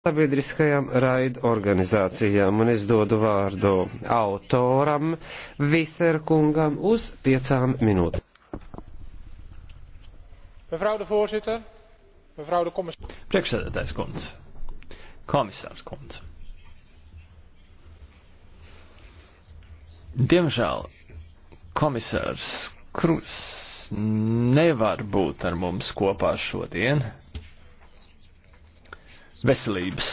sabiedriskajām raidorganizācijām, un es dodu vārdu autoram Viserkungam uz piecām minūtēm. Priekšsēdētājs kundze, komisārs kundze. Diemžēl komisārs Krus nevar būt ar mums kopā šodien veselības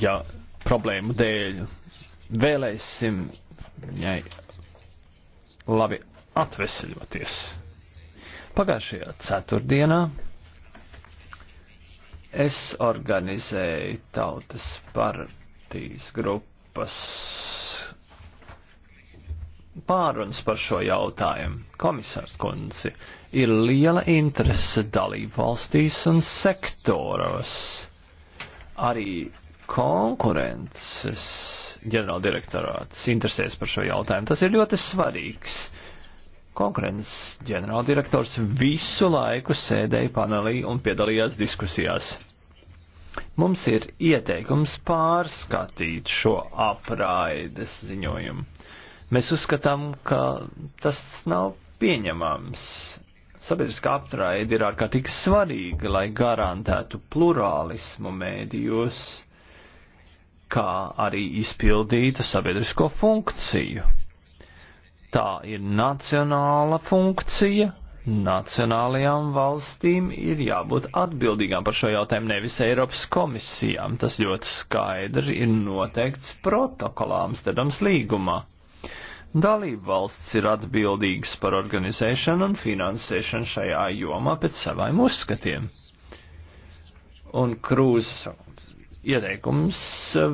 ja, problēmu dēļ. Vēlēsim viņai labi atveseļoties. Pagājušajā ceturtdienā es organizēju tautas partijas grupas pārunas par šo jautājumu. Komisārs Kunci, ir liela interese dalību valstīs un sektoros arī konkurences ģenerāldirektorāts interesēs par šo jautājumu. Tas ir ļoti svarīgs. Konkurences ģenerāldirektors visu laiku sēdēja panelī un piedalījās diskusijās. Mums ir ieteikums pārskatīt šo apraides ziņojumu. Mēs uzskatām, ka tas nav pieņemams Sabiedriskā aptraide ir ārkārtīgi svarīga, lai garantētu plurālismu mēdījos, kā arī izpildītu sabiedrisko funkciju. Tā ir nacionāla funkcija, Nacionālajām valstīm ir jābūt atbildīgām par šo jautājumu, nevis Eiropas komisijām. Tas ļoti skaidri ir noteikts protokolā Amsterdams līgumā. Dalība valsts ir atbildīgas par organizēšanu un finansēšanu šajā jomā pēc saviem uzskatiem. Un Krūza ieteikums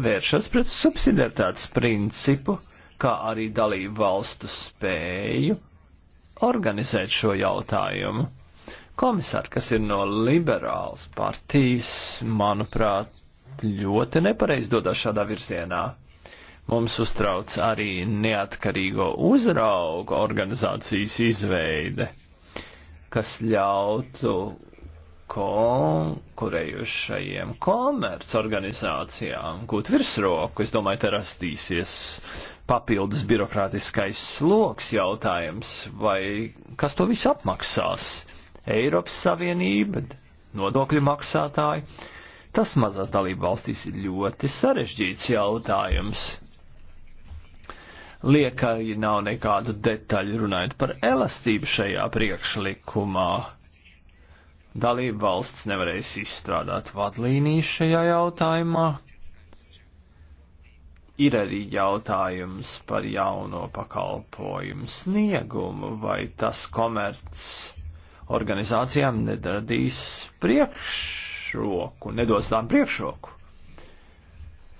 vēršas pret subsidiaritātes principu, kā arī dalību valstu spēju organizēt šo jautājumu. Komisāri, kas ir no liberāls partijas, manuprāt, ļoti nepareiz dodas šādā virzienā. Mums uztrauc arī neatkarīgo uzraugu organizācijas izveide, kas ļautu konkurējušajiem komercorganizācijām gūt virsroku. Es domāju, te rastīsies papildus birokrātiskais sloks jautājums, vai kas to visu apmaksās? Eiropas Savienība, nodokļu maksātāji. Tas mazās dalību valstīs ir ļoti sarežģīts jautājums. Liekai nav nekāda detaļa runājot par elastību šajā priekšlikumā. Dalība valsts nevarēs izstrādāt vadlīnijas šajā jautājumā. Ir arī jautājums par jauno pakalpojumu sniegumu, vai tas komerc organizācijām nedarīs priekšroku, nedos tām priekšroku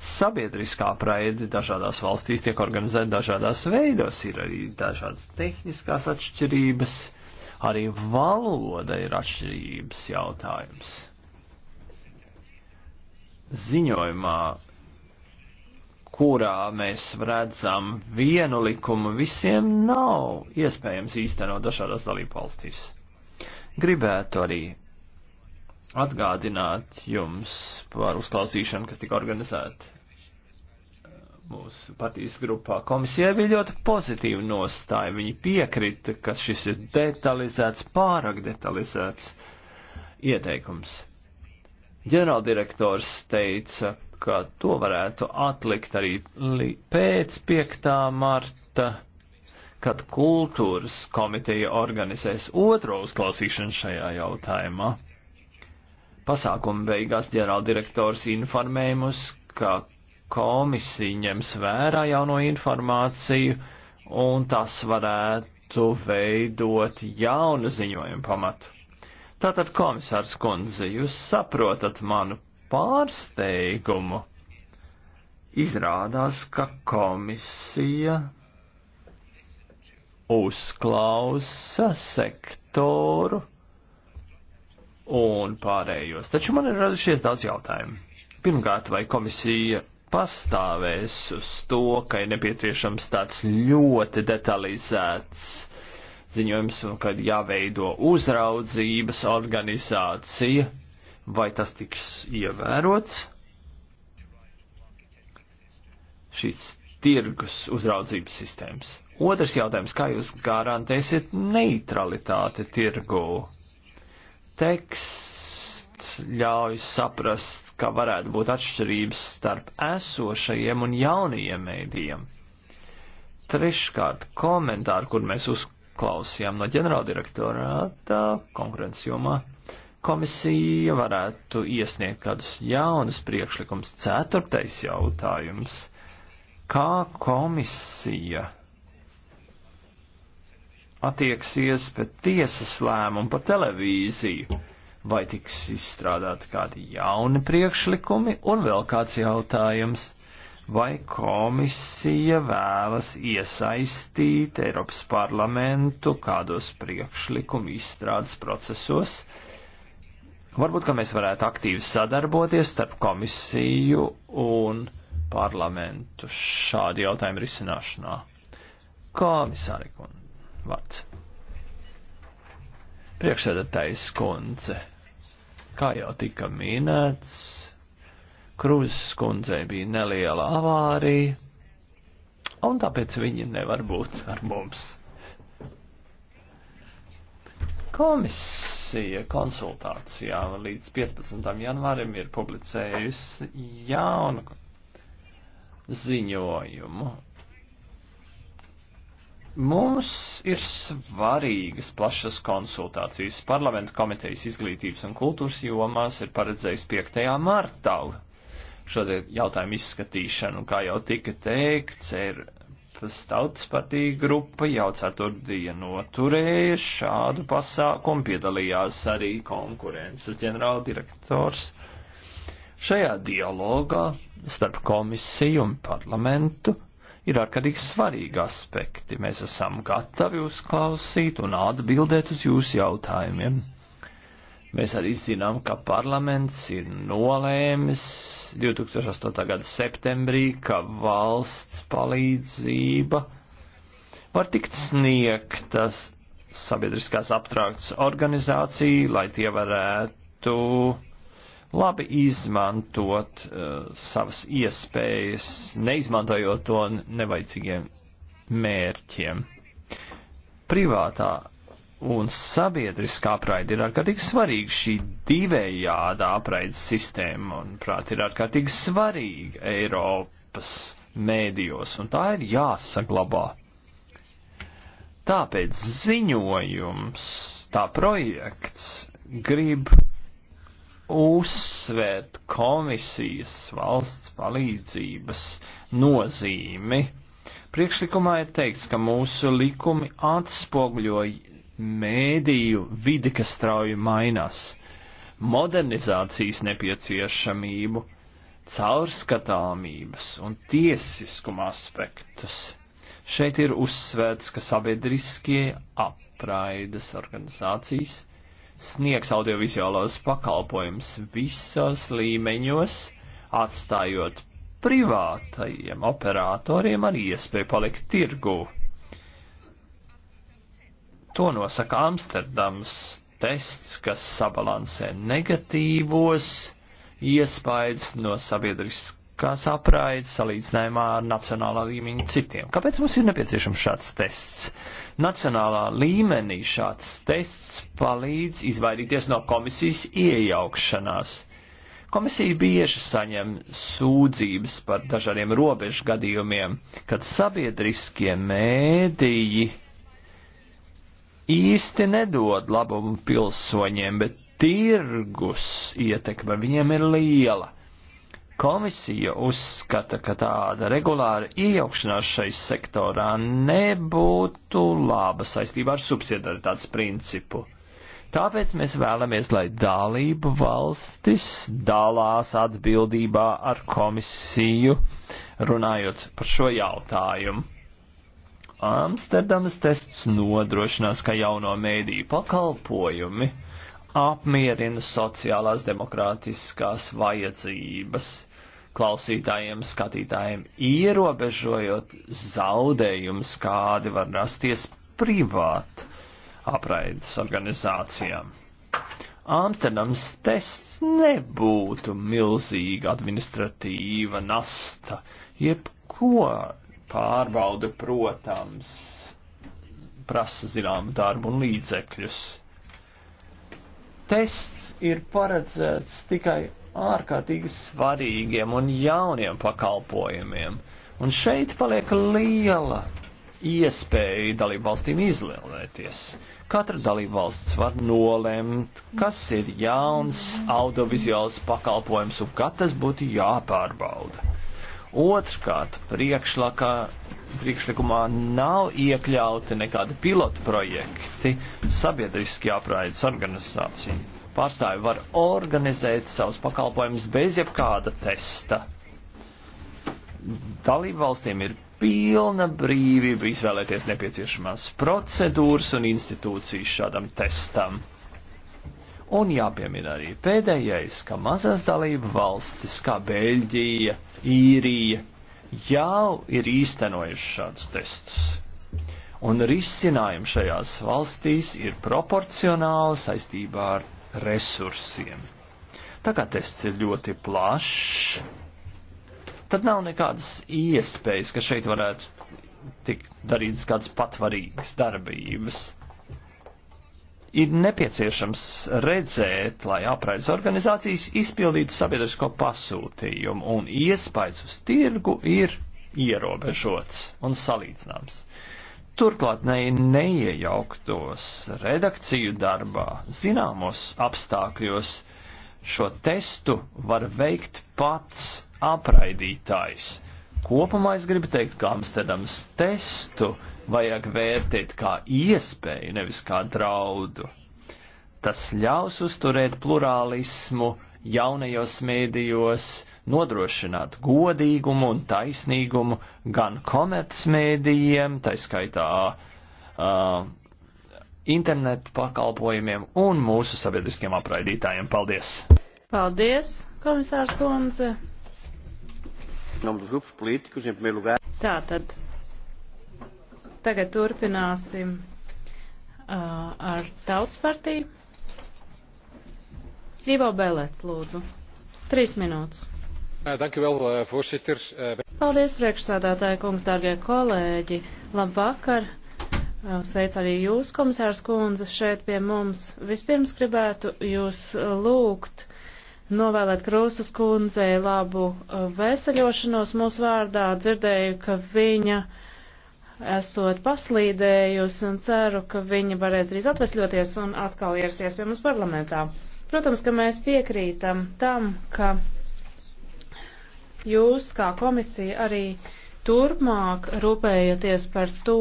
sabiedriskā praide dažādās valstīs tiek organizēta dažādās veidos, ir arī dažādas tehniskās atšķirības, arī valoda ir atšķirības jautājums. Ziņojumā, kurā mēs redzam vienu likumu, visiem nav iespējams īstenot dažādās dalību valstīs. Gribētu arī atgādināt jums par uzklausīšanu, kas tika organizēta mūsu patīs grupā. Komisijai bija ļoti pozitīva nostāja. Viņi piekrita, ka šis ir detalizēts, pārāk detalizēts ieteikums. Ģenerāldirektors teica, ka to varētu atlikt arī pēc 5. marta, kad kultūras komiteja organizēs otro uzklausīšanu šajā jautājumā. Pasākuma beigās ģenerāldirektors informēja mūs, ka komisija ņems vērā jauno informāciju, un tas varētu veidot jaunu ziņojumu pamatu. Tātad, komisārs kundze, jūs saprotat manu pārsteigumu. Izrādās, ka komisija uzklausa sektoru un pārējos. Taču man ir radušies daudz jautājumu. Pirmkārt, vai komisija pastāvēs uz to, ka ir nepieciešams tāds ļoti detalizēts ziņojums un kad jāveido uzraudzības organizācija, vai tas tiks ievērots? Šīs tirgus uzraudzības sistēmas. Otrs jautājums, kā jūs garantēsiet neutralitāti tirgū? Teksts ļauj saprast, ka varētu būt atšķirības starp esošajiem un jaunajiem mēdījiem. Treškārt, komentāri, kur mēs uzklausījām no ģenerāldirektorāta konkurences jomā, komisija varētu iesniegt kādus jaunus priekšlikums. Ceturtais jautājums. Kā komisija attieksies pēc tiesas lēmumu par televīziju? vai tiks izstrādāti kādi jauni priekšlikumi, un vēl kāds jautājums, vai komisija vēlas iesaistīt Eiropas parlamentu kādos priekšlikumu izstrādes procesos. Varbūt, ka mēs varētu aktīvi sadarboties starp komisiju un parlamentu šādi jautājumi risināšanā. Komisāri, vārds. Priekšsēdētājs kundze. Kā jau tika minēts, Krūzes kundzei bija neliela avārija, un tāpēc viņi nevar būt ar mums. Komisija konsultācijā līdz 15. janvārim ir publicējusi jaunu ziņojumu Mums ir svarīgas plašas konsultācijas. Parlamenta komitejas izglītības un kultūras jomās ir paredzējis 5. martā šodien jautājumu izskatīšanu, kā jau tika teikts, ir tautas partija grupa jau ceturtdienu noturēja šādu pasākumu, piedalījās arī konkurences ģenerāldirektors. Šajā dialogā starp komisiju un parlamentu ir ārkārtīgi svarīgi aspekti. Mēs esam gatavi uzklausīt un atbildēt uz jūsu jautājumiem. Mēs arī zinām, ka parlaments ir nolēmis 2008. gada septembrī, ka valsts palīdzība var tikt sniegtas sabiedriskās aptrāktas organizācija, lai tie varētu labi izmantot uh, savas iespējas, neizmantojot to nevajadzīgiem mērķiem. Privātā un sabiedriskā apraide ir ārkārtīgi svarīga. Šī divējāda apraides sistēma, manuprāt, ir ārkārtīgi svarīga Eiropas mēdījos, un tā ir jāsaglabā. Tāpēc ziņojums, tā projekts grib uzsvērt komisijas valsts palīdzības nozīmi. Priekšlikumā ir teikts, ka mūsu likumi atspoguļo mēdīju vidi, kas strauji mainās, modernizācijas nepieciešamību, caurskatāmības un tiesiskuma aspektus. Šeit ir uzsvērts, ka sabiedriskie apraides organizācijas sniegs audiovizuālos pakalpojumus visos līmeņos, atstājot privātajiem operatoriem arī iespēju palikt tirgū. To nosaka Amsterdams tests, kas sabalansē negatīvos iespējas no sabiedriskā kas apraids salīdzinājumā ar nacionālā līmeņa citiem. Kāpēc mums ir nepieciešams šāds tests? Nacionālā līmenī šāds tests palīdz izvairīties no komisijas iejaukšanās. Komisija bieži saņem sūdzības par dažādiem robežu gadījumiem, kad sabiedriskie mēdīji īsti nedod labumu pilsoņiem, bet tirgus ietekme viņiem ir liela Komisija uzskata, ka tāda regulāra iejaukšanās šai sektorā nebūtu laba saistībā ar subsidiaritātes principu. Tāpēc mēs vēlamies, lai dalību valstis dalās atbildībā ar komisiju, runājot par šo jautājumu. Amsterdamas tests nodrošinās, ka jauno mēdīju pakalpojumi apmierina sociālās demokrātiskās vajadzības klausītājiem, skatītājiem, ierobežojot zaudējumus, kādi var rasties privāti apraides organizācijām. Amsterdams tests nebūtu milzīga administratīva nasta, jebko pārbauda, protams, prasa zināmu darbu un līdzekļus tests ir paredzēts tikai ārkārtīgi svarīgiem un jauniem pakalpojumiem. Un šeit paliek liela iespēja dalībvalstīm izlēlēties. Katra dalībvalsts var nolemt, kas ir jauns audiovizuāls pakalpojums un kā tas būtu jāpārbauda. Otrkārt, priekšlikumā nav iekļauti nekādi pilotu projekti sabiedriski apraides organizācija. Pārstāvi var organizēt savus pakalpojumus bez jebkāda testa. Dalību valstīm ir pilna brīvība izvēlēties nepieciešamās procedūras un institūcijas šādam testam. Un jāpiemina arī pēdējais, ka mazās dalību valstis kā Beļģija, Īrija jau ir īstenojuši šādus testus. Un risinājumi šajās valstīs ir proporcionāli saistībā ar resursiem. Tā kā tests ir ļoti plašs, tad nav nekādas iespējas, ka šeit varētu tikt darītas kādas patvarīgas darbības ir nepieciešams redzēt, lai apraides organizācijas izpildītu sabiedrisko pasūtījumu, un iespējas uz tirgu ir ierobežots un salīdzināms. Turklāt ne, neiejauktos redakciju darbā zināmos apstākļos šo testu var veikt pats apraidītājs. Kopumā es gribu teikt, ka Amsterdams testu uh, vajag vērtēt kā iespēju, nevis kā draudu. Tas ļaus uzturēt plurālismu jaunajos mēdījos, nodrošināt godīgumu un taisnīgumu gan komercmēdījiem, tā skaitā uh, internetu pakalpojumiem un mūsu sabiedriskiem apraidītājiem. Paldies! Paldies, komisārs Konze! Tātad Tagad turpināsim uh, ar Tautas partiju. Ivo Belēts, lūdzu. Trīs minūtes. Paldies, priekšsādātāja kungs, dārgie kolēģi. Labvakar. Sveic arī jūs, komisārs kundze, šeit pie mums. Vispirms gribētu jūs lūgt novēlēt Krūsus kundzei labu veseļošanos mūsu vārdā. Dzirdēju, ka viņa uh, esot paslīdējusi un ceru, ka viņa varēs drīz atvesļoties un atkal ierasties pie mums parlamentā. Protams, ka mēs piekrītam tam, ka jūs kā komisija arī turpmāk rūpējaties par to,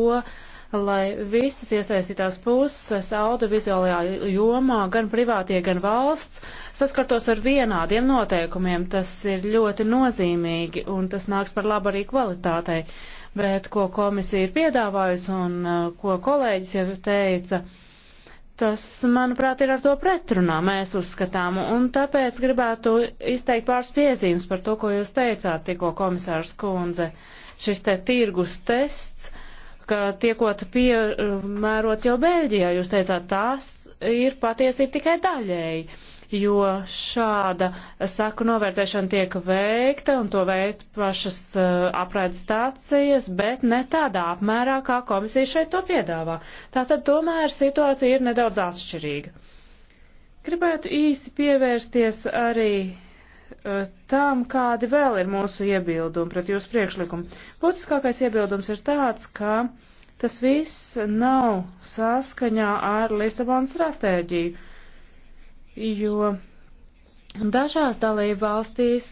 lai visas iesaistītās puses audiovizuālajā jomā, gan privātie, gan valsts, saskartos ar vienādiem noteikumiem. Tas ir ļoti nozīmīgi un tas nāks par labu arī kvalitātei bet ko komisija ir piedāvājusi un uh, ko kolēģis jau teica, tas, manuprāt, ir ar to pretrunā, mēs uzskatām, un tāpēc gribētu izteikt pāris piezīmes par to, ko jūs teicāt tikko, komisārs Kundze. Šis te tirgus tests, ka tiekot piemērots jau Beļģijā, jūs teicāt, tās ir patiesība tikai daļēji jo šāda saku novērtēšana tiek veikta un to veikt pašas uh, apraides stācijas, bet ne tādā apmērā, kā komisija šeit to piedāvā. Tātad tomēr situācija ir nedaudz atšķirīga. Gribētu īsi pievērsties arī uh, tam, kādi vēl ir mūsu iebildumi pret jūsu priekšlikumu. Būtiskākais iebildums ir tāds, ka tas viss nav saskaņā ar Lisabonas stratēģiju jo dažās dalība valstīs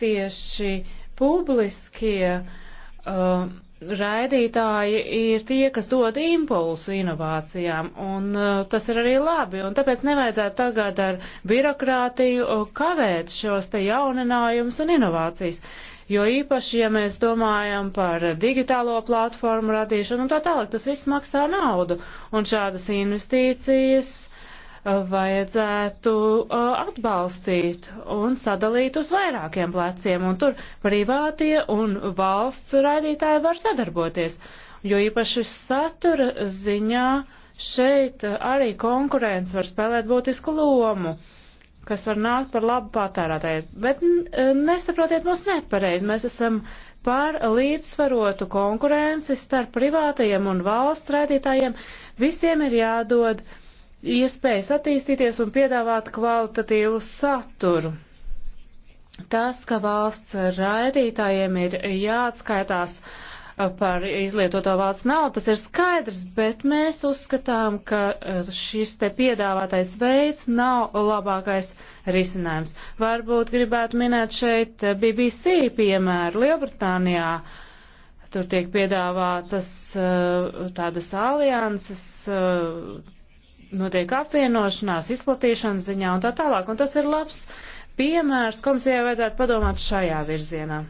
tieši publiskie uh, raidītāji ir tie, kas dod impulsu inovācijām, un uh, tas ir arī labi, un tāpēc nevajadzētu tagad ar birokrātiju kavēt šos te jauninājumus un inovācijas, jo īpaši, ja mēs domājam par digitālo platformu radīšanu un tā tālāk, tas viss maksā naudu, un šādas investīcijas vajadzētu atbalstīt un sadalīt uz vairākiem pleciem, un tur privātie un valsts raidītāji var sadarboties, jo īpaši satura ziņā šeit arī konkurence var spēlēt būtisku lomu kas var nākt par labu patērētājiem. Bet nesaprotiet mūs nepareizi, mēs esam par līdzsvarotu konkurenci starp privātajiem un valsts rētītājiem. Visiem ir jādod uh, iespējas attīstīties un piedāvāt kvalitatīvu saturu. Tas, ka valsts raidītājiem ir jāatskaitās uh, par izlietoto valsts naudu, tas ir skaidrs, bet mēs uzskatām, ka uh, šis te piedāvātais veids nav labākais risinājums. Varbūt gribētu minēt šeit uh, BBC piemēru Lielbritānijā. Tur tiek piedāvātas tādas alianses notiek apvienošanās, izplatīšanas ziņā un tā tālāk. Un tas ir labs piemērs, komisijai vajadzētu padomāt šajā virzienā.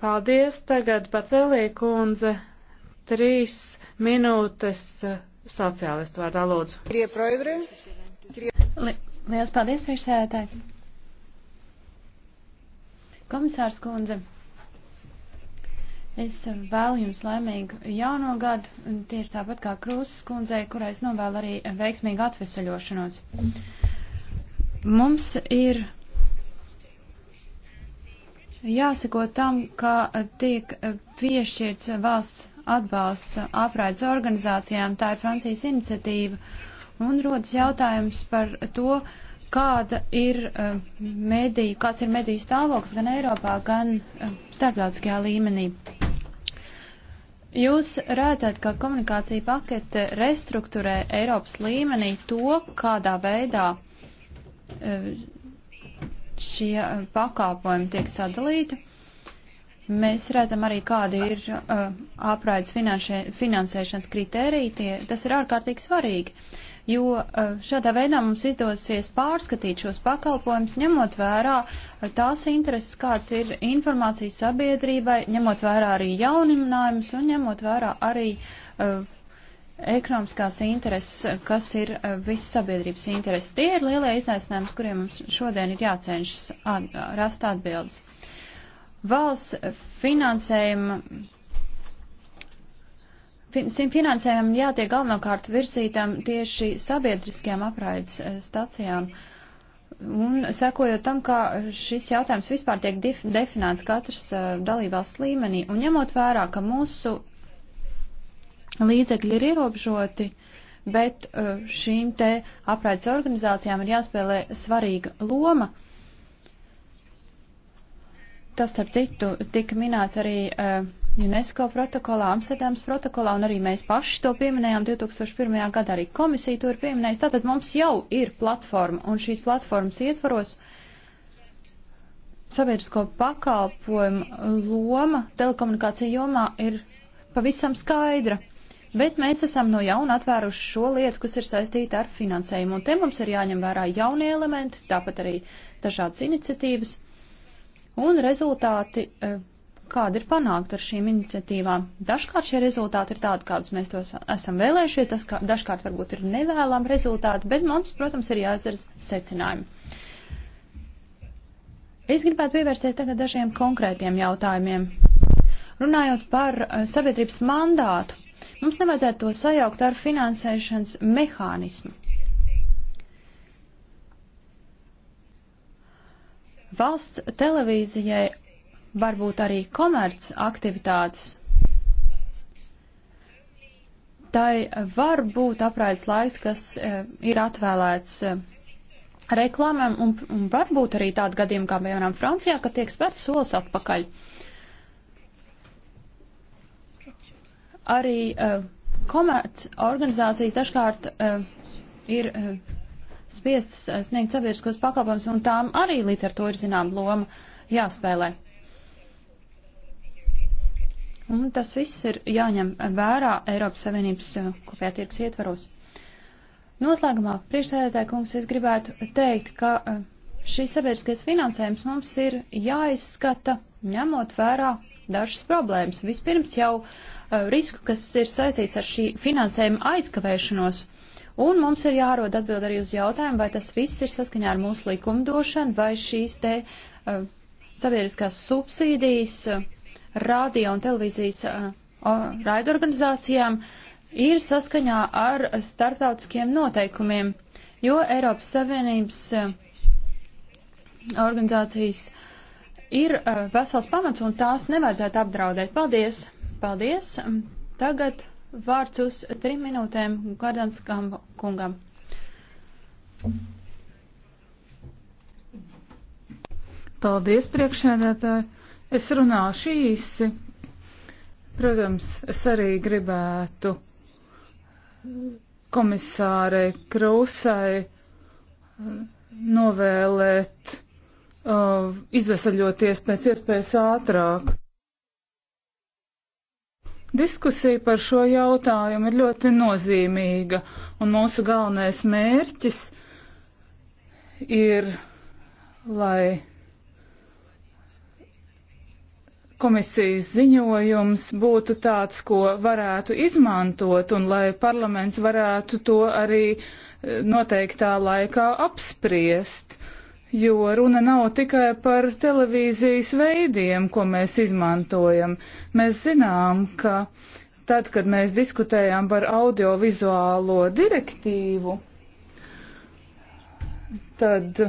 Paldies, tagad pacelī kundze, trīs minūtes eh, sociālistu vārdā lūdzu. Lielas paldies, priekšsēdētāji. Komisārs kundze. Es vēlu jums laimīgu jauno gadu, tieši tāpat kā Krūzes kundzei, kurai es novēlu arī veiksmīgu atvesaļošanos. Mums ir jāsako tam, ka tiek piešķirts valsts atbalsts apraides organizācijām, tā ir Francijas iniciatīva, un rodas jautājums par to, uh, kāda ir eh, mediju, kāds ir mediju stāvoklis gan Eiropā, gan eh, starptautiskajā līmenī. Jūs redzat, ka komunikācija pakete restruktūrē Eiropas līmenī to, kādā veidā eh, šie pakāpojumi tiek sadalīti. Mēs redzam arī, kādi ir uh, apraides finansēšanas kritēriji. Tie, tas ir ārkārtīgi svarīgi jo eh, šādā veidā mums izdosies pārskatīt šos pakalpojumus, ņemot vērā eh, tās intereses, kāds ir informācijas sabiedrībai, ņemot vērā arī jauninājumus un ņemot vērā arī uh, ekonomiskās intereses, kas ir uh, visas sabiedrības intereses. Tie ir lielie izaicinājums, kuriem mums šodien ir jācenšas at rast atbildes. Valsts finansējuma Šim finansējumam jātiek galvenokārt virzītam tieši sabiedriskajām apraides eh, stacijām. Un sekojot tam, kā šis jautājums vispār tiek definēts katras eh, dalībās līmenī, un ņemot vērā, ka mūsu līdzekļi ir ierobežoti, bet eh, šīm te apraides organizācijām ir jāspēlē svarīga loma. Tas, starp citu, tika minēts arī uh, UNESCO protokolā, Amsterdams protokolā, un arī mēs paši to pieminējām 2001. gadā, arī komisija to ir pieminējusi. Tātad mums jau ir platforma, un šīs platformas ietvaros sabiedrisko pakalpojumu loma telekomunikācija jomā ir pavisam skaidra. Bet mēs esam no jauna atvēruši šo lietu, kas ir saistīta ar finansējumu, un te mums ir jāņem vērā jaunie elementi, tāpat arī dažādas iniciatīvas, un rezultāti. Uh, kāda ir panākta ar šīm iniciatīvām. Dažkārt šie rezultāti ir tādi, kādus mēs tos esam vēlējušies, tas kā, dažkārt varbūt ir nevēlam rezultāti, bet mums, protams, ir jāizdara secinājumi. Es gribētu pievērsties tagad dažiem konkrētiem jautājumiem. Runājot par eh, sabiedrības mandātu, mums nevajadzētu to sajaukt ar finansēšanas mehānismu. Valsts televīzijai varbūt arī komerc aktivitātes, tai var būt apraides laiks, kas e, ir atvēlēts e, reklāmām, un, un varbūt arī tāda gadījuma, kā piemēram Francijā, ka tiek spērts solis atpakaļ. Arī e, komerc organizācijas dažkārt ir spiestas sniegt sabiedriskos pakalpojumus, un tām arī līdz ar to ir zinām loma jāspēlē. Un tas viss ir jāņem vērā Eiropas Savienības eh, kopējā tirgus ietvaros. Noslēgumā, priekšsēdētāji kungs, es gribētu teikt, ka eh, šīs sabiedriskais finansējums mums ir jāizskata, ņemot vērā dažas problēmas. Vispirms jau eh, risku, kas ir saistīts ar šī finansējuma aizkavēšanos. Un mums ir jārod atbild arī uz jautājumu, vai tas viss ir saskaņā ar mūsu likumdošanu, vai šīs te uh, sabiedriskās subsīdijas uh, radio un televīzijas uh, raidorganizācijām ir saskaņā ar starptautiskiem noteikumiem, jo Eiropas Savienības uh, organizācijas ir uh, vesels pamats un tās nevajadzētu apdraudēt. Paldies! Paldies! Um, tagad vārds uz trim minūtēm Gardans kungam. Paldies, priekšēdētāji! Es runāšu īsi. Protams, es arī gribētu komisārei Krūsai uh, novēlēt uh, izvesaļoties pēc iespējas ātrāk. Diskusija par šo jautājumu ir ļoti nozīmīga, un mūsu galvenais mērķis ir, lai komisijas ziņojums būtu tāds, ko varētu izmantot un lai parlaments varētu to arī eh, noteiktā laikā apspriest. Jo runa nav tikai par televīzijas veidiem, ko mēs izmantojam. Mēs zinām, ka tad, kad mēs diskutējām par audiovizuālo direktīvu, tad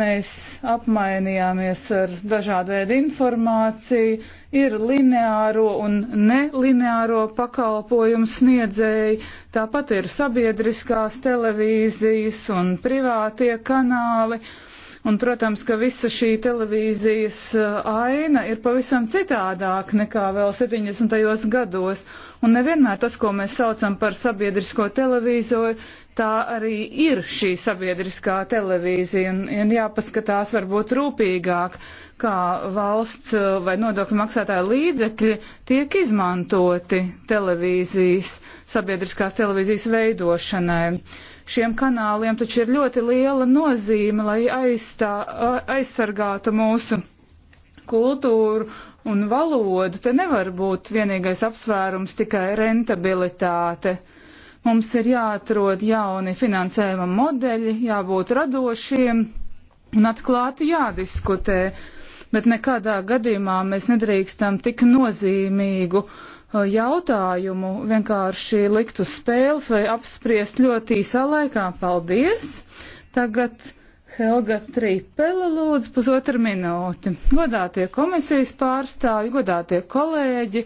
Mēs apmainījāmies ar dažādu veidu informāciju, ir lineāro un nelineāro pakalpojumu sniedzēji, tāpat ir sabiedriskās televīzijas un privātie kanāli. Uh, Un, protams, ka visa šī televīzijas eh, aina ir pavisam citādāk nekā vēl 70. gados. Un nevienmēr tas, ko mēs saucam par sabiedrisko televīzoru, tā arī ir šī sabiedriskā televīzija. Un, un jāpaskatās varbūt rūpīgāk, kā valsts eh, vai nodokļu maksātāja līdzekļi tiek izmantoti televīzijas, sabiedriskās televīzijas veidošanai. Šiem kanāliem taču ir ļoti liela nozīme, lai aizstā, aizsargātu mūsu kultūru un valodu. Te nevar būt vienīgais apsvērums tikai rentabilitāte. Mums ir jāatrod jauni finansējuma modeļi, jābūt radošiem un atklāti jādiskutē, bet nekādā gadījumā mēs nedrīkstam tik nozīmīgu uh, jautājumu vienkārši likt uz spēles vai apspriest ļoti īsā laikā. Paldies! Tagad Helga Trīpele lūdzu pusotru minūti. Godātie komisijas pārstāvi, godātie kolēģi,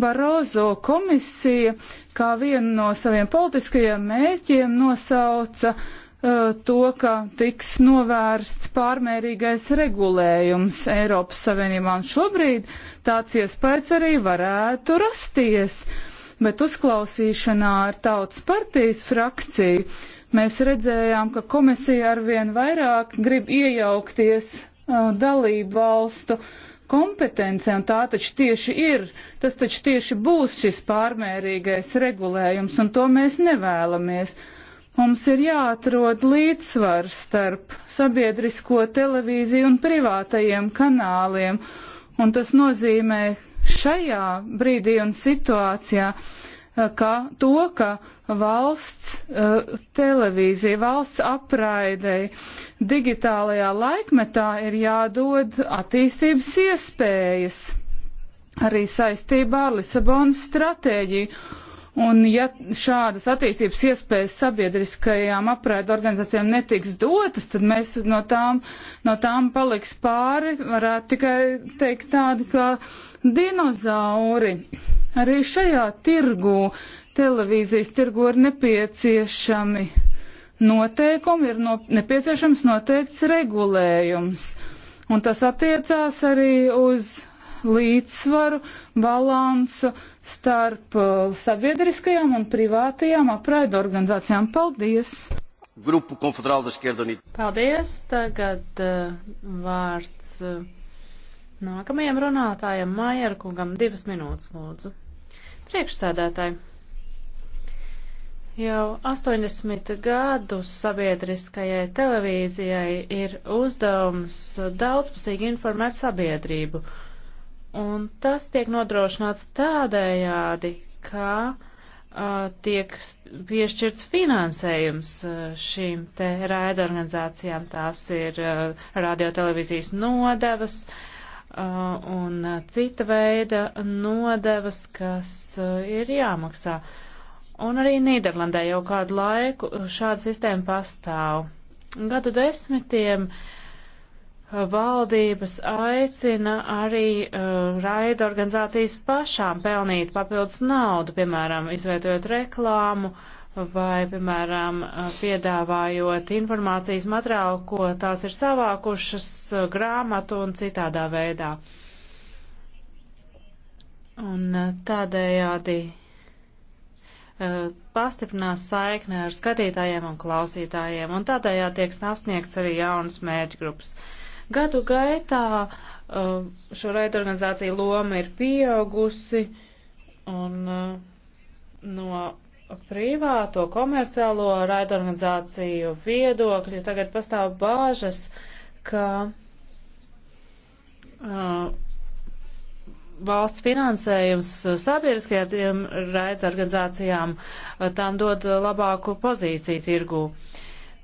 Barozo komisija kā vienu no saviem politiskajiem mēķiem nosauca uh, Eh, to, ka tiks novērsts pārmērīgais regulējums Eiropas Savienībā. Un šobrīd tāds iespējas arī varētu rasties, bet uzklausīšanā ar Tautas partijas frakciju mēs redzējām, ka komisija arvien vairāk grib iejaukties uh, dalību valstu kompetencē, un tā taču tieši ir, tas taču tieši būs šis pārmērīgais regulējums, un to mēs nevēlamies. Uh, Mums ir jāatrod līdzsvars starp sabiedrisko televīziju un privātajiem kanāliem, un tas nozīmē šajā brīdī un situācijā, eh, ka to, ka valsts uh, televīzija, valsts apraidei digitālajā laikmetā ir jādod attīstības iespējas arī saistībā ar Lisabonas stratēģiju Un ja šādas attīstības iespējas sabiedriskajām apraidu organizācijām netiks dotas, tad mēs no tām, no tām paliks pāri, varētu tikai teikt tādi kā dinozauri. Arī šajā tirgu, televīzijas tirgu ir nepieciešami noteikumi, ir no, nepieciešams noteikts regulējums. Un tas attiecās arī uz līdzsvaru, balansu starp uh, sabiedriskajām un privātajām apraidu organizācijām. Paldies! Grupu Konfederāla Esquerda Unida. Paldies! Tagad uh, vārds uh, nākamajam runātājam Mājerkungam. Divas minūtes, lūdzu. Priekšsēdētāji. Jau 80 gadus sabiedriskajai televīzijai ir uzdevums daudzpusīgi informēt sabiedrību Un tas tiek nodrošināts tādējādi, kā tiek piešķirts finansējums šīm te raida organizācijām. Tās ir radiotelevīzijas nodevas un cita veida nodevas, kas ir jāmaksā. Un arī Nīderlandē jau kādu laiku šāda sistēma pastāv. Gadu desmitiem uh, valdības aicina arī uh, raida organizācijas pašām pelnīt papildus naudu, piemēram, izveidojot reklāmu vai, piemēram, uh, piedāvājot informācijas materiālu, ko tās ir savākušas uh, grāmatu un citādā veidā. Un uh, tādējādi uh, pastiprinās saikne ar skatītājiem un klausītājiem, un tādējādi tiek sasniegts arī jaunas mērķgrupas. Uh, Gadu gaitā uh, šo raidorganizāciju loma ir pieaugusi un uh, no privāto komerciālo raidorganizāciju viedokļu tagad pastāv bāžas, ka uh, valsts finansējums sabiedriskajām raidorganizācijām uh, tām dod labāku pozīciju tirgū.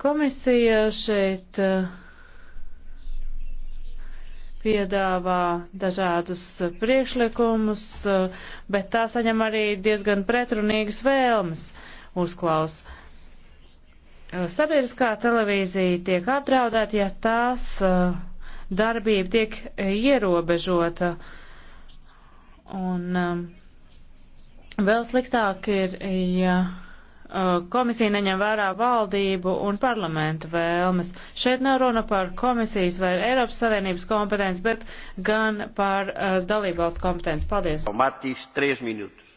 Komisija šeit uh, piedāvā dažādus priekšlikumus, bet tā saņem arī diezgan pretrunīgas vēlmes uzklaus. Sabiedriskā televīzija tiek apdraudēta, ja tās uh, darbība tiek ierobežota. Un um, vēl sliktāk ir, ja Eh, komisija neņem vērā valdību un parlamentu vēlmes. Šeit nav runa par komisijas vai Eiropas Savienības kompetenci, bet gan par uh, eh, dalībvalstu kompetenci. Paldies. Matīs, trīs minūtes.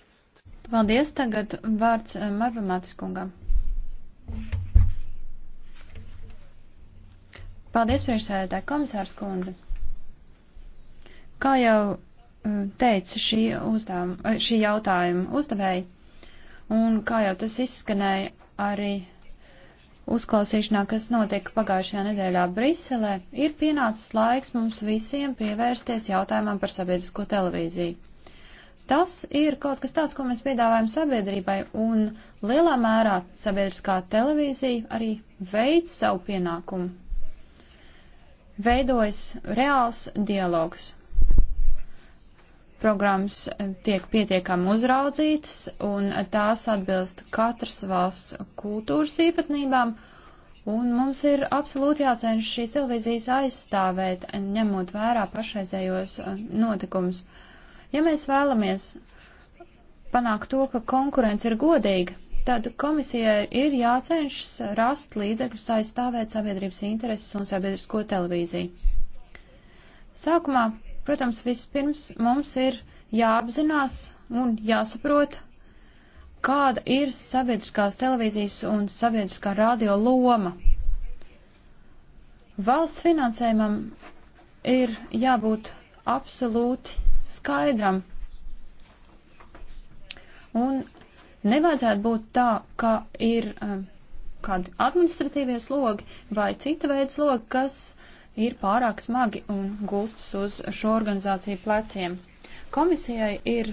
Paldies. Tagad vārds eh, Marva Matis kungam. Paldies, priekšsēdētāji, komisārs kundze. Kā jau teica šī, uzdevuma, šī jautājuma uzdevēja, Un kā jau tas izskanēja arī uzklausīšanā, kas notika pagājušajā nedēļā Briselē, ir pienācis laiks mums visiem pievērsties jautājumam par sabiedrisko televīziju. Tas ir kaut kas tāds, ko mēs piedāvājam sabiedrībai, un lielā mērā sabiedriskā televīzija arī veids savu pienākumu. Veidojas reāls dialogs programmas eh, tiek pietiekami uzraudzītas un tās atbilst katras valsts kultūras īpatnībām. Un mums ir absolūti jācenšas šīs televīzijas aizstāvēt, ņemot vērā pašreizējos eh, notikumus. Ja mēs vēlamies panākt to, ka konkurence ir godīga, tad komisijai ir jācenšas rast līdzekļus aizstāvēt sabiedrības intereses un sabiedrisko televīziju. Sākumā Protams, vispirms mums ir jāapzinās un jāsaprot, kāda ir sabiedriskās televīzijas un sabiedriskā radio loma. Valsts finansējumam ir jābūt absolūti skaidram. Un nevajadzētu būt tā, ka ir um, kādi administratīvie slogi vai cita veida slogi, kas ir pārāk smagi un gūstas uz šo organizāciju pleciem. Komisijai ir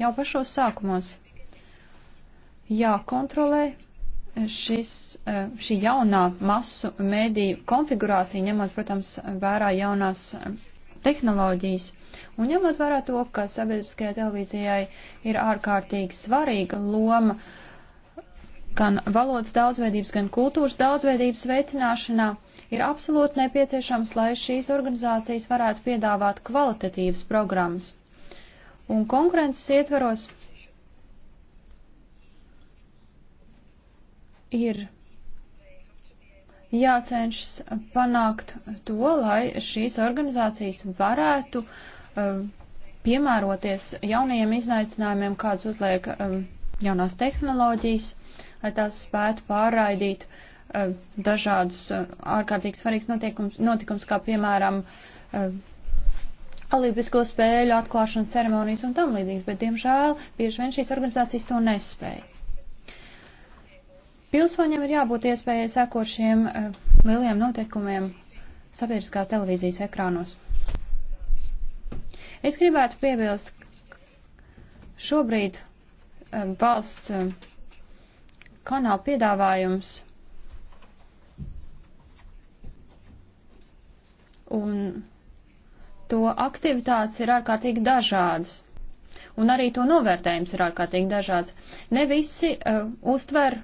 jau pašos sākumos jākontrolē šis, e, šī jaunā masu mēdīju konfigurācija, ņemot, protams, vērā jaunās tehnoloģijas. Un ņemot vērā to, ka sabiedriskajai televīzijai ir ārkārtīgi svarīga loma gan valodas daudzveidības, gan kultūras daudzveidības veicināšanā, ir absolūti nepieciešams, lai šīs organizācijas varētu piedāvāt kvalitatīvas programmas. Un konkurences ietveros ir jācenšas panākt to, lai šīs organizācijas varētu um, piemēroties jaunajiem izaicinājumiem, kādus uzliek um, jaunās tehnoloģijas, lai tās spētu pārraidīt uh, Eh, dažādus eh, ārkārtīgi svarīgus notikumus, kā piemēram eh, Olimpisko spēļu atklāšanas ceremonijas un tam līdzīgas, bet diemžēl bieži vien šīs organizācijas to nespēja. Pilsoņiem ir jābūt iespējai sekot šiem lieliem notikumiem sabiedriskās televīzijas ekrānos. Es gribētu piebilst, šobrīd valsts kanāla piedāvājums un to aktivitātes ir ārkārtīgi dažādas, un arī to novērtējums ir ārkārtīgi dažāds. Ne visi uh, uztver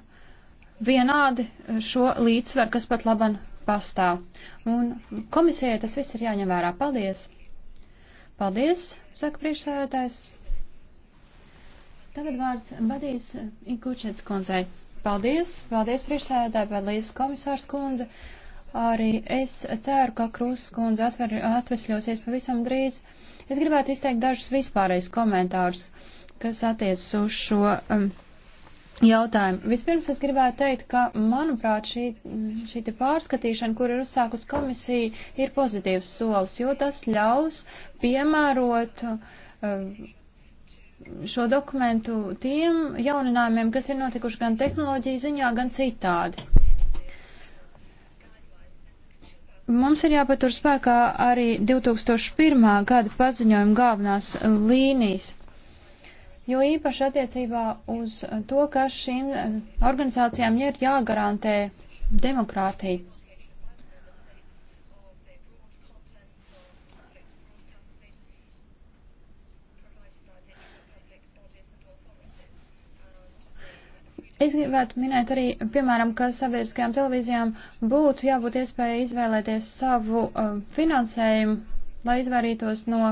vienādi eh, šo līdzsveru, kas pat laban pastāv. Un komisijai tas viss ir jāņem vērā. Paldies! Paldies, saka priekšsēdētājs. Tagad vārds vadīs Ikučets kundzei. Paldies, paldies priekšsēdētāji, paldies komisārs kundze. Uh, Arī es ceru, ka Kruskundze atvesļosies pavisam drīz. Es gribētu izteikt dažus vispārējus komentārus, kas attiecas uz šo um, jautājumu. Vispirms es gribētu teikt, ka, manuprāt, šī, šī pārskatīšana, kur ir uzsākus komisija, ir pozitīvs solis, jo tas ļaus piemērot. Um, šo dokumentu tiem jauninājumiem, kas ir notikuši gan tehnoloģiju ziņā, gan citādi. Mums ir jāpatur spēkā arī 2001. gada paziņojuma galvenās līnijas, jo īpaši attiecībā uz to, ka šīm organizācijām ir jāgarantē demokrātija. Es gribētu minēt arī, piemēram, ka sabiedriskajām televīzijām būtu jābūt iespēja izvēlēties savu uh, finansējumu, lai izvairītos no,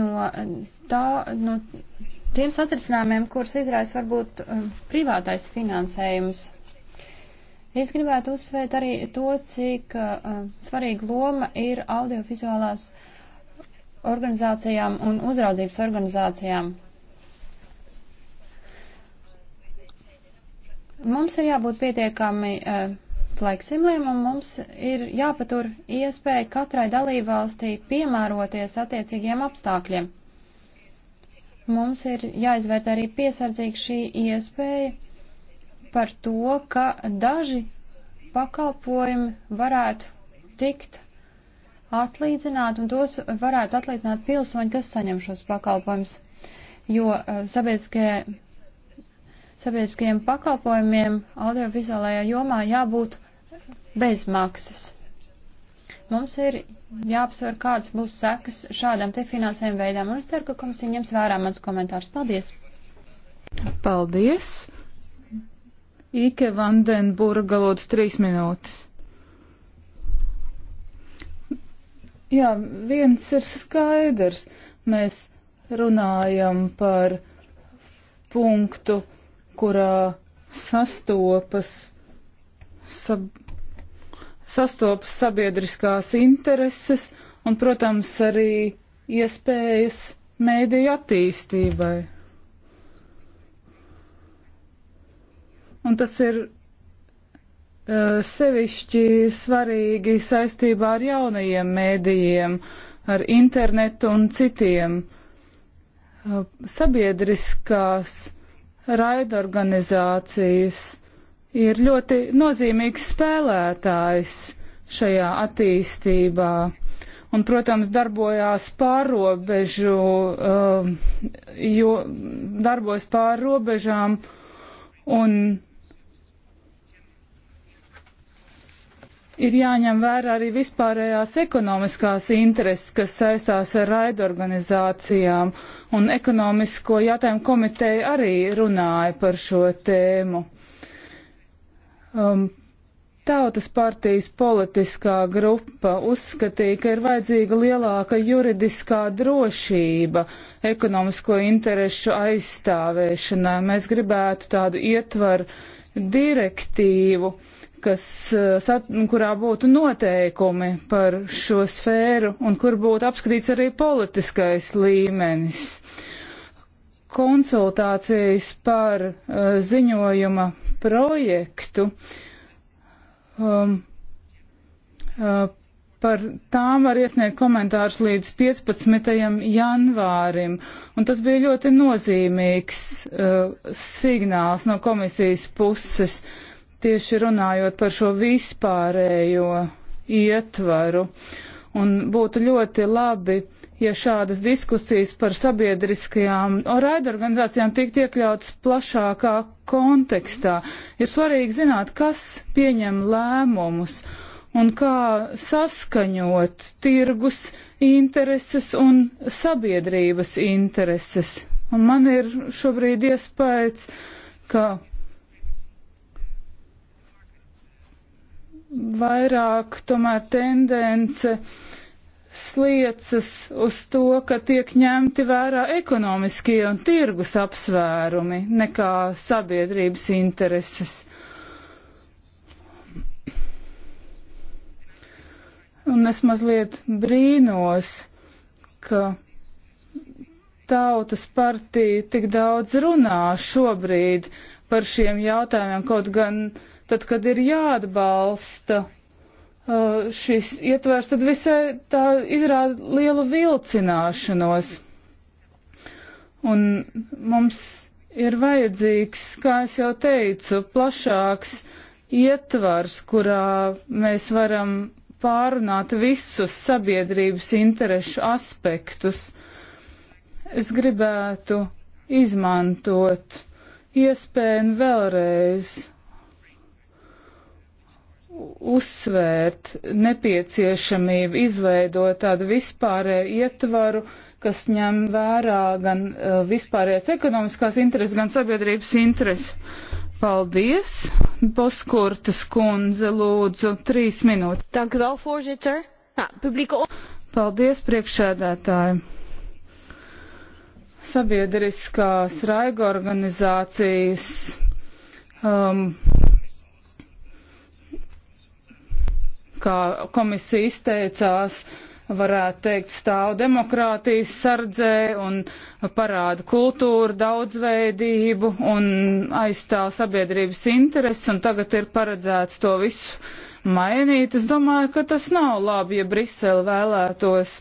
no, um, tā, no tiem satricinājumiem, kurus izraisa varbūt uh, privātais finansējums. Es gribētu uzsvērt arī to, cik uh, svarīga loma ir audiovizuālās uh, organizācijām un uzraudzības organizācijām. Mums ir jābūt pietiekami uh, eh, fleksibliem un mums ir jāpatur iespēja katrai dalībvalstī piemēroties attiecīgiem apstākļiem. Mums ir jāizvērt arī piesardzīgi šī iespēja par to, ka daži pakalpojumi varētu tikt atlīdzināt un tos varētu atlīdzināt pilsoņi, kas saņem šos pakalpojumus, jo eh, sabiedriskajai sabiedriskajiem pakalpojumiem audiovizuālajā jomā jābūt bez maksas. Mums ir jāapsver, kādas būs sekas šādam te finansējuma veidām, un es ceru, ka komisija ņems vērā mans komentārs. Paldies! Paldies! Ike Vandenburga lūdzu trīs minūtes. Jā, viens ir skaidrs. Mēs runājam par punktu, kurā sastopas, sab, sastopas sabiedriskās intereses un, protams, arī iespējas mēdīju attīstībai. Un tas ir Eh, sevišķi svarīgi saistībā ar jaunajiem mēdījiem, ar internetu un citiem. Eh, sabiedriskās raidorganizācijas ir ļoti nozīmīgs spēlētājs šajā attīstībā. Un, protams, darbojās pārrobežu, eh, jo darbojas pārrobežām un ir jāņem vērā arī vispārējās ekonomiskās intereses, kas saistās ar raidorganizācijām, un ekonomisko jautājumu komiteja arī runāja par šo tēmu. Um, Tautas partijas politiskā grupa uzskatīja, ka ir vajadzīga lielāka juridiskā drošība ekonomisko interešu aizstāvēšanā. Mēs gribētu tādu ietvaru direktīvu kas, eh, sat, kurā būtu noteikumi par šo sfēru un kur būtu apskatīts arī politiskais līmenis. Konsultācijas par uh, ziņojuma projektu um, uh, par tām var iesniegt komentārus līdz 15. janvārim. Un tas bija ļoti nozīmīgs uh, signāls no komisijas puses. Uh, tieši runājot par šo vispārējo ietvaru. Un būtu ļoti labi, ja šādas diskusijas par sabiedriskajām raidorganizācijām tiktu iekļautas plašākā kontekstā. Ir svarīgi zināt, kas pieņem lēmumus un kā saskaņot tirgus intereses un sabiedrības intereses. Un man ir šobrīd iespējas, ka vairāk tomēr tendence sliecas uz to, ka tiek ņemti vērā ekonomiskie un tirgus apsvērumi nekā sabiedrības intereses. Un es mazliet brīnos, ka tautas partija tik daudz runā šobrīd par šiem jautājumiem, kaut gan uh, tad, kad ir jāatbalsta uh, šis ietvers, tad visai tā izrāda lielu vilcināšanos. Un mums ir vajadzīgs, kā es jau teicu, plašāks ietvars, kurā mēs varam pārunāt visus sabiedrības interešu aspektus. Es gribētu izmantot iespēju vēlreiz uzsvērt nepieciešamību izveidot tādu vispārēju ietvaru, kas ņem vērā gan uh, vispārējās ekonomiskās intereses, gan sabiedrības intereses. Paldies, Boskurtas kundze, lūdzu, trīs minūtes. Dank vēl, forzitter. Ja, publika... Paldies, priekšēdētāji. Sabiedriskās raiga organizācijas um, kā komisija izteicās, varētu teikt, stāv demokrātijas sardzē un parāda kultūru daudzveidību un aizstāv sabiedrības intereses, un tagad ir paredzēts to visu mainīt. Es domāju, ka tas nav labi, ja Brisele vēlētos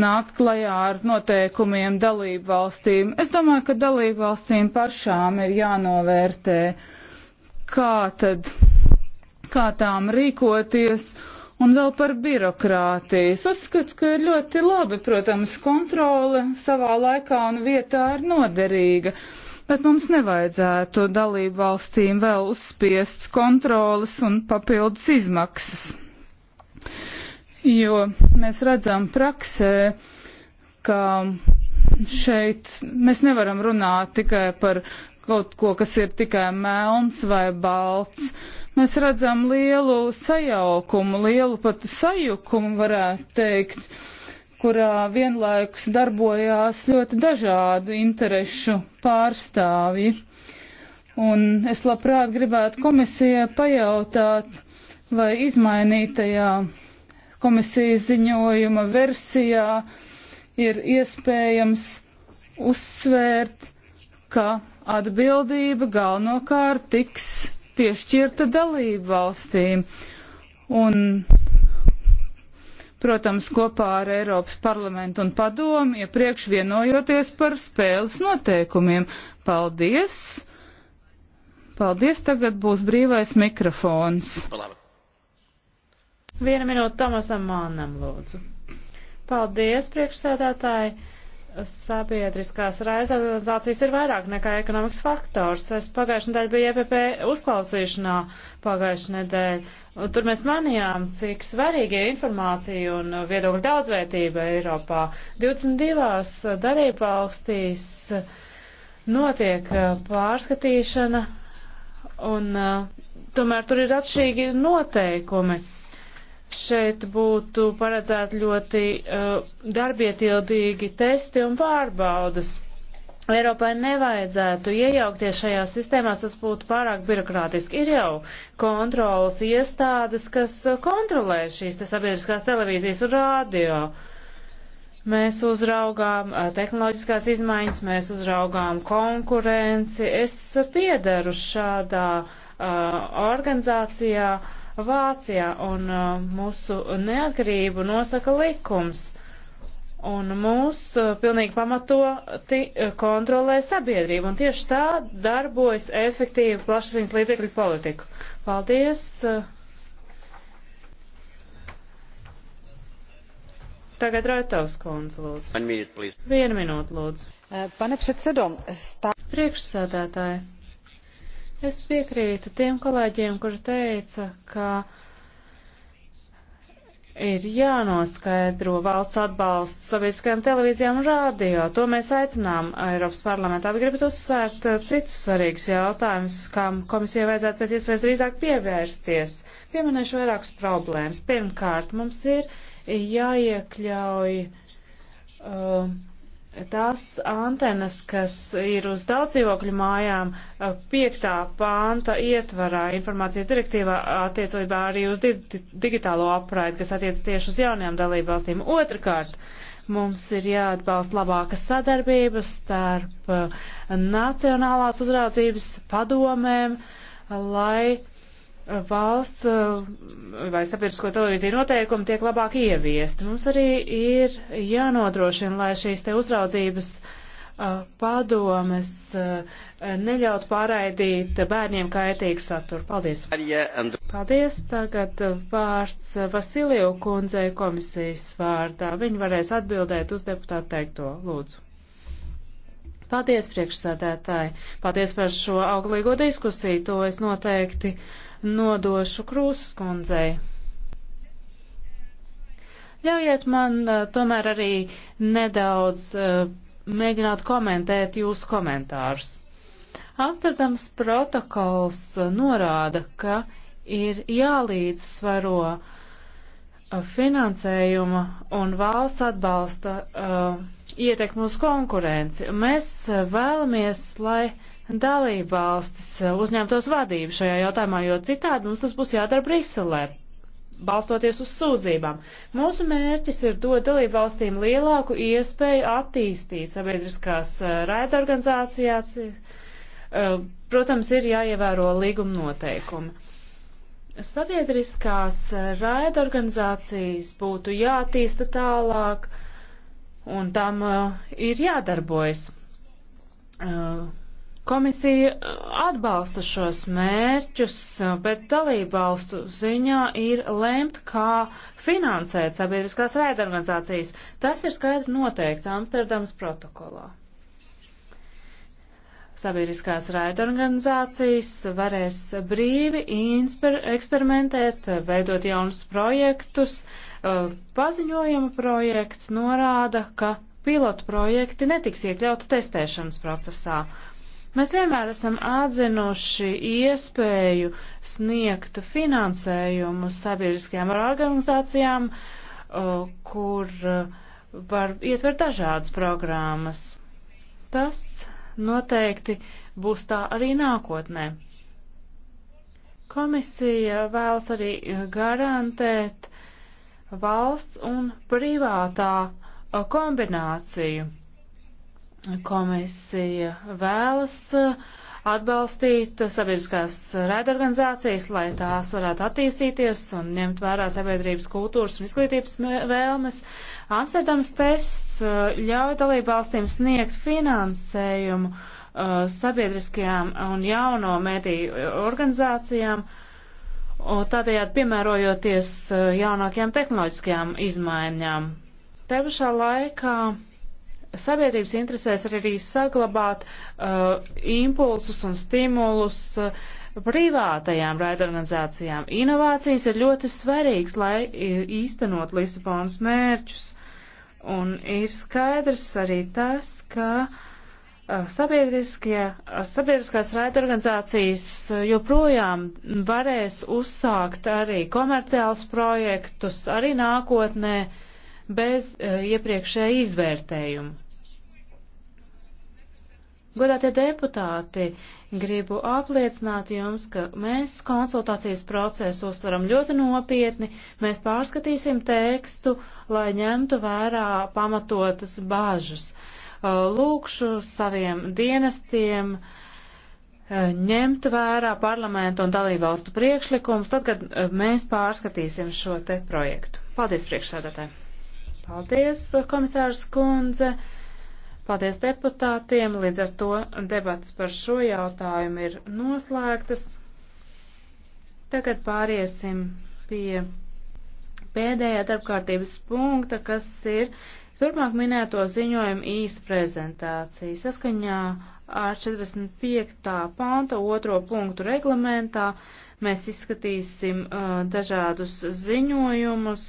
nākt klajā ar noteikumiem dalību valstīm. Es domāju, ka dalību valstīm pašām ir jānovērtē, kā tad, kā tām rīkoties Un vēl par birokrātiju. Es uzskatu, ka ir ļoti labi, protams, kontrole savā laikā un vietā ir noderīga, bet mums nevajadzētu dalību valstīm vēl uzspiest kontroles un papildus izmaksas. Jo mēs redzam praksē, ka šeit mēs nevaram runāt tikai par kaut ko, kas ir tikai melns vai balts. Uh, Mēs redzam lielu sajaukumu, lielu pat sajukumu, varētu teikt, kurā vienlaikus darbojās ļoti dažādu interešu pārstāvji. Un es labprāt gribētu komisijai pajautāt, vai izmainītajā komisijas ziņojuma versijā ir iespējams uzsvērt, ka atbildība galvenokārt tiks piešķirta dalību valstīm. Un, protams, kopā ar Eiropas parlamentu un padomu iepriekš ja vienojoties par spēles noteikumiem. Paldies! Paldies, tagad būs brīvais mikrofons. Viena minūte Tomasam Mānam, lūdzu. Paldies, priekšsēdētāji! Sabiedriskās reizorganizācijas ir vairāk nekā ekonomikas faktors. Es pagājušajā nedēļā biju EPP uzklausīšanā pagājušajā nedēļā. Tur mēs manījām, cik svarīgi ir informācija un viedokļu daudzvērtība Eiropā. 22 darība valstīs notiek eh, pārskatīšana un eh, tomēr tur ir atšķirīgi noteikumi šeit būtu paredzēti ļoti uh, darbietildīgi testi un pārbaudas. Eiropai nevajadzētu iejaukties šajās sistēmās, tas būtu pārāk birokrātiski. Ir jau kontrolas iestādes, kas kontrolē šīs te sabiedriskās televīzijas un rādio. Mēs uzraugām uh, tehnoloģiskās izmaiņas, mēs uzraugām konkurenci. Es piedaru šādā uh, organizācijā. Uh, Vācijā, un uh, mūsu neatkarību nosaka likums, un mūs uh, pilnīgi pamato ti, uh, kontrolē sabiedrību, un tieši tā darbojas efektīva plašsaziņas līdzekļu politiku. Paldies! Uh, Tagad Raitovs kundze, lūdzu. Minute, Vienu minūtu, lūdzu. Pane předsedo, stā... Priekšsēdētāji. Es piekrītu tiem kolēģiem, kuri teica, ka ir jānoskaidro valsts atbalsts sabiedriskajām televīzijām un rādio. To mēs aicinām Eiropas parlamentā. Bet gribat uzsvērt uh, citus svarīgus jautājumus, kam komisijai vajadzētu pēc iespējas drīzāk pievērsties. Pieminēšu vairākas problēmas. Pirmkārt, mums ir jāiekļauj. Uh, Tās antenas, kas ir uz daudzdzīvokļu mājām, piektā pānta ietvarā informācijas direktīvā attiecībā arī uz di digitālo apraidu, kas attiec tieši uz jaunajām dalībvalstīm. Otrakārt, mums ir jāatbalsta labāka sadarbība starp nacionālās uzraudzības padomēm, lai valsts eh, vai sabiedrisko televīziju noteikumi tiek labāk ieviesti. Mums arī ir jānodrošina, lai šīs te uzraudzības eh, padomes eh, neļaut pārraidīt bērniem kaitīgu saturu. Paldies. Paldies. Tagad vārds Vasiliju kundzei komisijas vārdā. Viņa varēs atbildēt uz deputātu teikto. Lūdzu. Paldies, priekšsēdētāji. Paldies par šo auglīgo diskusiju. To es noteikti uh, nodošu Krūsas kundzei. Ļaujiet man eh, tomēr arī nedaudz eh, mēģināt komentēt jūsu komentārus. Amsterdams protokols eh, norāda, ka ir jālīdzsvaro uh, finansējuma un valsts atbalsta uh, ietekmu uz konkurenci. Mēs vēlamies, lai dalībvalstis eh, uzņemtos vadību šajā jautājumā, jo citādi mums tas būs jādara Briselē, balstoties uz sūdzībām. Mūsu mērķis ir dot dalībvalstīm lielāku iespēju attīstīt sabiedriskās eh, raidorganizācijās. Eh, protams, ir jāievēro līguma noteikumi. Sabiedriskās raidorganizācijas būtu jātīsta tālāk, un tam uh, ir jādarbojas. Uh, Komisija atbalsta šos mērķus, bet dalībvalstu ziņā ir lemt, kā finansēt sabiedriskās rēdorganizācijas. Tas ir skaidri noteikts Amsterdamas protokolā. Sabiedriskās raidorganizācijas varēs brīvi insper, eksperimentēt, veidot jaunus projektus. Paziņojuma projekts norāda, ka pilotu projekti netiks iekļauti testēšanas procesā. Mēs vienmēr esam atzinuši iespēju sniegt finansējumu sabiedriskajām organizācijām, kur var ietvert dažādas programmas. Tas noteikti būs tā arī nākotnē. Komisija vēlas arī garantēt valsts un privātā kombināciju Komisija vēlas uh, atbalstīt sabiedriskās raidorganizācijas, lai tās varētu attīstīties un ņemt vērā sabiedrības kultūras un izglītības vēlmes. Amsterdams tests uh, ļauj dalībvalstīm sniegt finansējumu uh, sabiedriskajām un jauno mediju organizācijām, tādējādi piemērojoties jaunākajām tehnoloģiskajām izmaiņām. Te pašā laikā sabiedrības interesēs ir arī saglabāt uh, impulsus un stimulus uh, privātajām raidorganizācijām. Inovācijas ir ļoti svarīgs, lai uh, īstenot Lisabonas mērķus. Un ir skaidrs arī tas, ka uh, uh sabiedriskās raidorganizācijas uh, joprojām varēs uzsākt arī komerciāls projektus, arī nākotnē bez uh, iepriekšēja izvērtējuma. Godātie deputāti, gribu apliecināt jums, ka mēs konsultācijas procesu uztveram ļoti nopietni. Mēs pārskatīsim tekstu, lai ņemtu vērā pamatotas bāžas. Uh, lūkšu saviem dienestiem uh, ņemt vērā parlamentu un dalībvalstu priekšlikumus, tad, kad uh, mēs pārskatīsim šo te projektu. Paldies priekšsēdētāji! Paldies, komisārs Kundze! Paldies deputātiem, līdz ar to debats par šo jautājumu ir noslēgtas. Tagad pāriesim pie pēdējā darbkārtības punkta, kas ir turpmāk minēto ziņojumu īsa prezentācija. Saskaņā ar 45. panta otro punktu reglamentā mēs izskatīsim uh, dažādus ziņojumus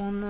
un